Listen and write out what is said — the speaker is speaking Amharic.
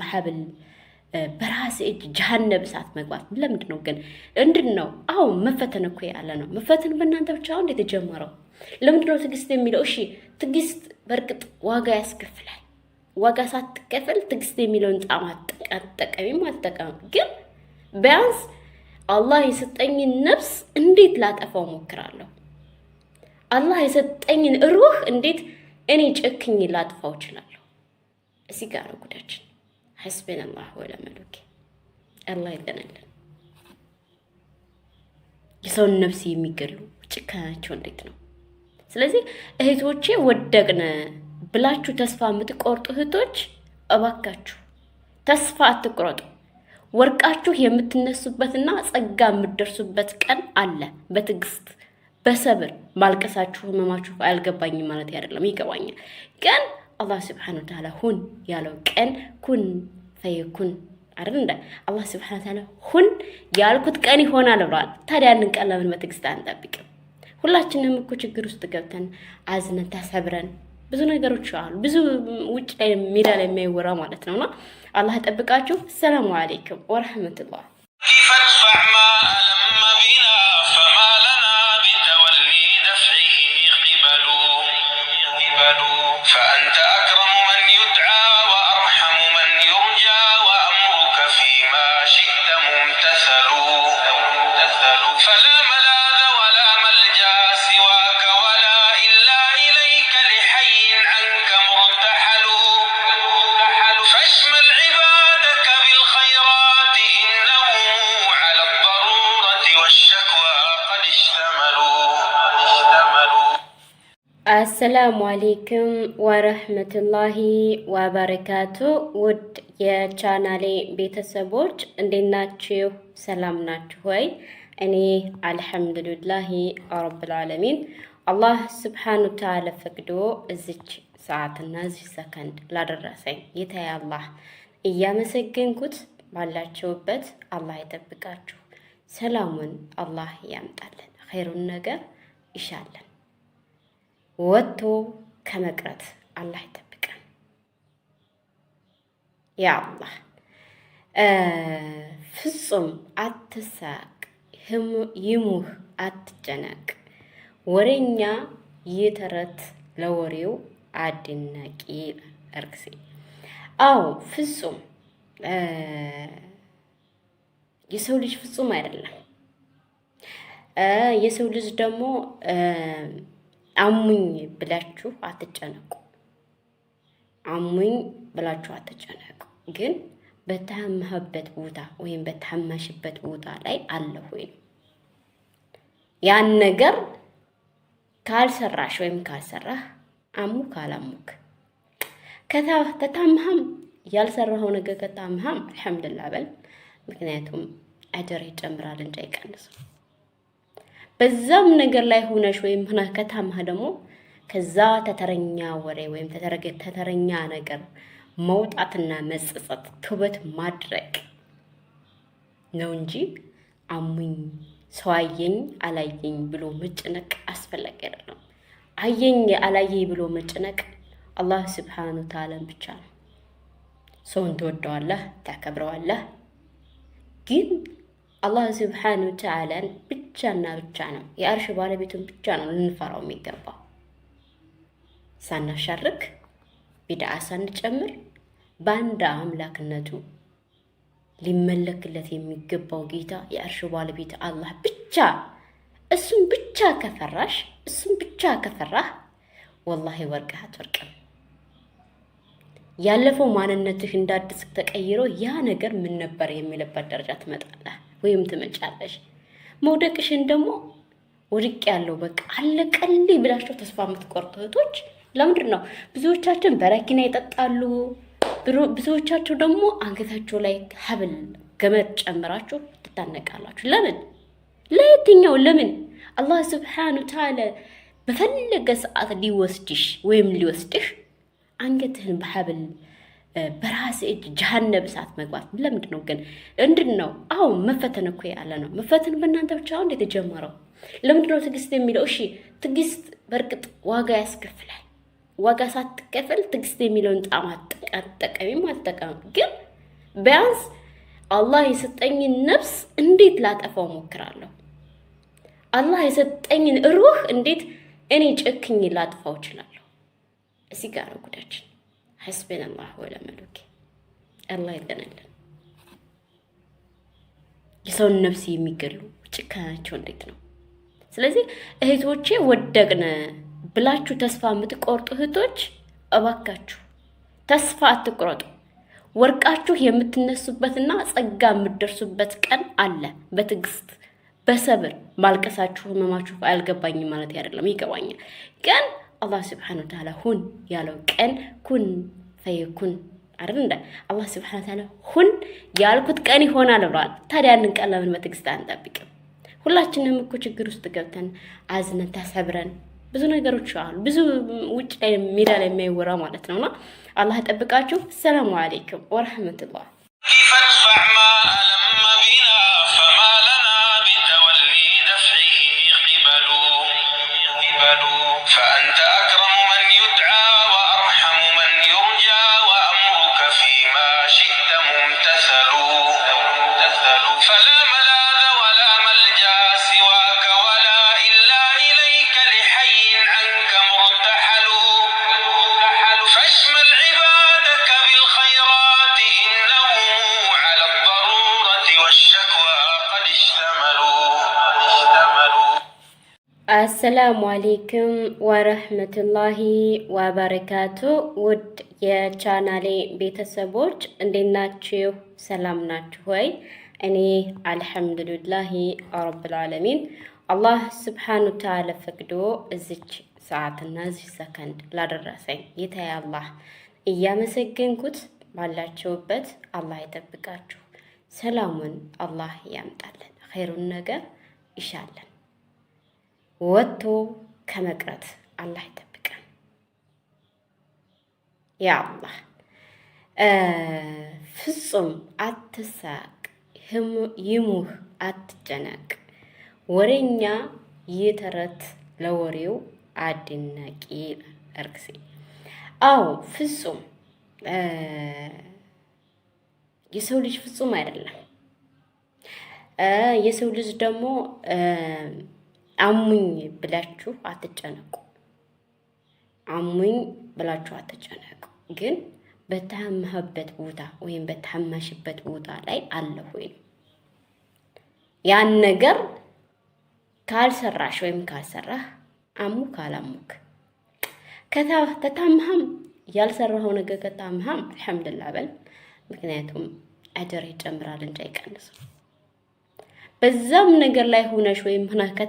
በሀብል በራሴ እጅ ጀሃነብ እሳት መግባት ለምንድን ነው ግን? እንድን ነው አሁን መፈተን እኮ ያለ ነው። መፈተን በእናንተ ብቻ አሁን የተጀመረው ለምንድን ነው? ትግስት የሚለው እሺ፣ ትግስት በእርግጥ ዋጋ ያስከፍላል። ዋጋ ሳትከፍል ትግስት የሚለውን ጣም አትጠቀሚም አትጠቀምም። ግን ቢያንስ አላህ የሰጠኝን ነፍስ እንዴት ላጠፋው ሞክራለሁ? አላህ የሰጠኝን ሩህ እንዴት እኔ ጨክኝ ላጥፋው እችላለሁ? እዚህ ጋር ነው ጉዳችን። ሐስቢን አላህ ወነዕመል ወኪል አላህ ይጠናለን። የሰውን ነፍስ የሚገሉ ጭካናቸው እንዴት ነው? ስለዚህ እህቶቼ ወደቅነ ብላችሁ ተስፋ የምትቆርጡ እህቶች እባካችሁ ተስፋ አትቆረጡ። ወርቃችሁ የምትነሱበትና ጸጋ የምትደርሱበት ቀን አለ። በትዕግስት በሰብር ማልቀሳችሁ ህመማችሁ አልገባኝም ማለት አይደለም፣ ይገባኛል ግን አላህ ስብሓን ወተዓላ ሁን ያለው ቀን ኩን ፈየኩን አይደል እንደ አላህ ስብሓን ወተዓላ ሁን ያልኩት ቀን ይሆናል ብለዋል። ታዲያ ያንን ቀን ለምን በትዕግስት አንጠብቅም? ሁላችንም እኮ ችግር ውስጥ ገብተን አዝነን ተሰብረን ብዙ ነገሮች አሉ። ብዙ ውጭ ላይ ሜዳ ላይ የሚያይወራ ማለት ነውና አላህ ጠብቃችሁ። ሰላሙ አሌይኩም ወረህመቱላህ فأنت አሰላሙ አሌይኩም ወረህመቱላሂ ወበረካቱ። ውድ የቻናሌ ቤተሰቦች እንዴት ናችሁ? ሰላም ናችሁ ወይ? እኔ አልሐምዱሊላሂ ረብልዓለሚን አላህ ስብሓኑ ተዓላ ፈቅዶ እዚች ሰዓትና እዚች ሰከንድ ላደረሰኝ ይታይ አላህ እያመሰገንኩት ባላችሁበት አላህ ይጠብቃችሁ፣ ሰላሙን አላህ ያምጣልን፣ ኸይሩን ነገር ይሻለን። ወጥቶ ከመቅረት አላህ ይጠብቀን። ያ አላህ ፍጹም አትሳቅ፣ ይሙህ አትጨነቅ፣ ወሬኛ ይተረት ለወሬው አድናቂ እርግሴ አዎ ፍጹም የሰው ልጅ ፍጹም አይደለም። የሰው ልጅ ደግሞ አሙኝ ብላችሁ አትጨነቁ። አሙኝ ብላችሁ አትጨነቁ። ግን በታመህበት ቦታ ወይም በታመሽበት ቦታ ላይ አለሁ ወይ ነው ያን ነገር ካልሰራሽ ወይም ካልሰራህ አሙክ አላሙክ ከታመህም ያልሰራኸው ነገር ከታመህም አልሐምዱሊላህ በል። ምክንያቱም አጀር ይጨምራል እንጂ አይቀንስም። በዛም ነገር ላይ ሆነሽ ወይም ሆነ ከታማህ ደግሞ ከዛ ተተረኛ ወሬ ወይም ተተረኛ ነገር መውጣትና መጸጸት ትውበት ማድረግ ነው እንጂ አሙኝ ሰው አየኝ አላየኝ ብሎ መጨነቅ አስፈላጊ አይደለም። አየኝ አላየኝ ብሎ መጨነቅ አላህ ስብሓነሁ ወተዓላን ብቻ ነው። ሰውን ትወደዋለህ፣ ታከብረዋለህ። ግን አላህ ስብሓነሁ ወተዓላን ብቻና ብቻ ነው የአርሽ ባለቤቱን ብቻ ነው ልንፈራው የሚገባው። ሳናሻርክ ቢድዓ ሳንጨምር በአንድ አምላክነቱ ሊመለክለት የሚገባው ጌታ የአርሽ ባለቤት አላህ ብቻ እሱም ብቻ ከፈራሽ እሱም ብቻ ከፈራህ ወላሂ ወርቅህ አትወርቅም። ያለፈው ማንነትህ እንዳዲስ ተቀይሮ ያ ነገር ምን ነበር የሚልበት ደረጃ ትመጣለህ ወይም ትመጫለሽ። መውደቅሽን ደግሞ ወድቅ ያለው በቃ አለቀልኝ ብላቸው ተስፋ የምትቆርጡ እህቶች ለምንድን ነው? ብዙዎቻችን በረኪና ይጠጣሉ። ብዙዎቻቸው ደግሞ አንገታቸው ላይ ሀብል ገመድ ጨምራችሁ ትታነቃላችሁ። ለምን ለየትኛው? ለምን አላህ ስብሓን ተዓላ በፈለገ ሰዓት ሊወስድሽ ወይም ሊወስድሽ አንገትህን በሀብል በራሴ እጅ ጀሃነብ እሳት መግባት ለምንድን ነው ግን? እንድን ነው አዎ፣ መፈተን እኮ ያለ ነው። መፈተን በእናንተ ብቻ አሁን የተጀመረው ለምንድን ነው? ትዕግስት የሚለው እሺ፣ ትዕግስት በእርግጥ ዋጋ ያስከፍላል። ዋጋ ሳትከፍል ትዕግስት የሚለውን ጣም አትጠቀሚም፣ አትጠቀምም። ግን ቢያንስ አላህ የሰጠኝን ነፍስ እንዴት ላጠፋው ሞክራለሁ? አላህ የሰጠኝን ሩህ እንዴት እኔ ጨክኝ ላጥፋው እችላለሁ? እዚህ ጋር ነው ጉዳችን። ሐስቢን አላህ ወነዕመል አላህ ይጠናለን። የሰውን ነፍስ የሚገሉ ጭካናቸው እንዴት ነው? ስለዚህ እህቶቼ ወደቅነ ብላችሁ ተስፋ የምትቆርጡ እህቶች እባካችሁ ተስፋ አትቆረጡ። ወርቃችሁ የምትነሱበትና ጸጋ የምትደርሱበት ቀን አለ። በትዕግስት በሰብር ማልቀሳችሁ ህመማችሁ አልገባኝም ማለት አይደለም፣ ይገባኛል ግን አላህ ስብሓን ወተዓላ ሁን ያለው ቀን ኩን ፈየኩን አይደል እንደ አላህ ስብሓን ወተዓላ ሁን ያልኩት ቀን ይሆናል ብለዋል። ታዲያ ያንን ቀን ለምን በትዕግስት አንጠብቅም? ሁላችንም እኮ ችግር ውስጥ ገብተን አዝነን ተሰብረን ብዙ ነገሮች አሉ። ብዙ ውጭ ላይ ሜዳ ላይ የሚያይወራ ማለት ነውና አላህ ጠብቃችሁ። ሰላሙ አሌይኩም ወረህመቱላህ አሰላሙ አሌይኩም ወረህመቱላሂ ወበረካቱ። ውድ የቻናሌ ቤተሰቦች እንዴት ናችሁ? ሰላም ናችሁ ወይ? እኔ አልሐምዱሊላሂ ረብልዓለሚን አላህ ስብሓኑ ተዓላ ፈቅዶ እዚች ሰዓትና እዚህ ሰከንድ ላደረሰኝ ጌታዬ አላህ እያመሰገንኩት ባላችሁበት አላህ ይጠብቃችሁ፣ ሰላሙን አላህ ያምጣልን፣ ኸይሩን ነገር ይሻለን። ወጥቶ ከመቅረት አላህ ይጠብቀን። ያ አላህ ፍጹም አትሳቅ፣ ይሙህ አትጨነቅ፣ ወሬኛ ይተረት ለወሬው አድናቂ እርግሴ አዎ ፍጹም የሰው ልጅ ፍጹም አይደለም። የሰው ልጅ ደግሞ አሙኝ ብላችሁ አትጨነቁ። አሙኝ ብላችሁ አትጨነቁ። ግን በታመህበት ቦታ ወይም በታመሽበት ቦታ ላይ አለ ወይ ያን ነገር ካልሰራሽ ወይም ካልሰራህ አሙክ አላሙክ ከታመህም ያልሰራኸው ነገር ከታመህም አልሐምዱሊላህ በል። ምክንያቱም አጀር ይጨምራል እንጂ አይቀንስም። በዛም ነገር ላይ ሆነሽ ወይም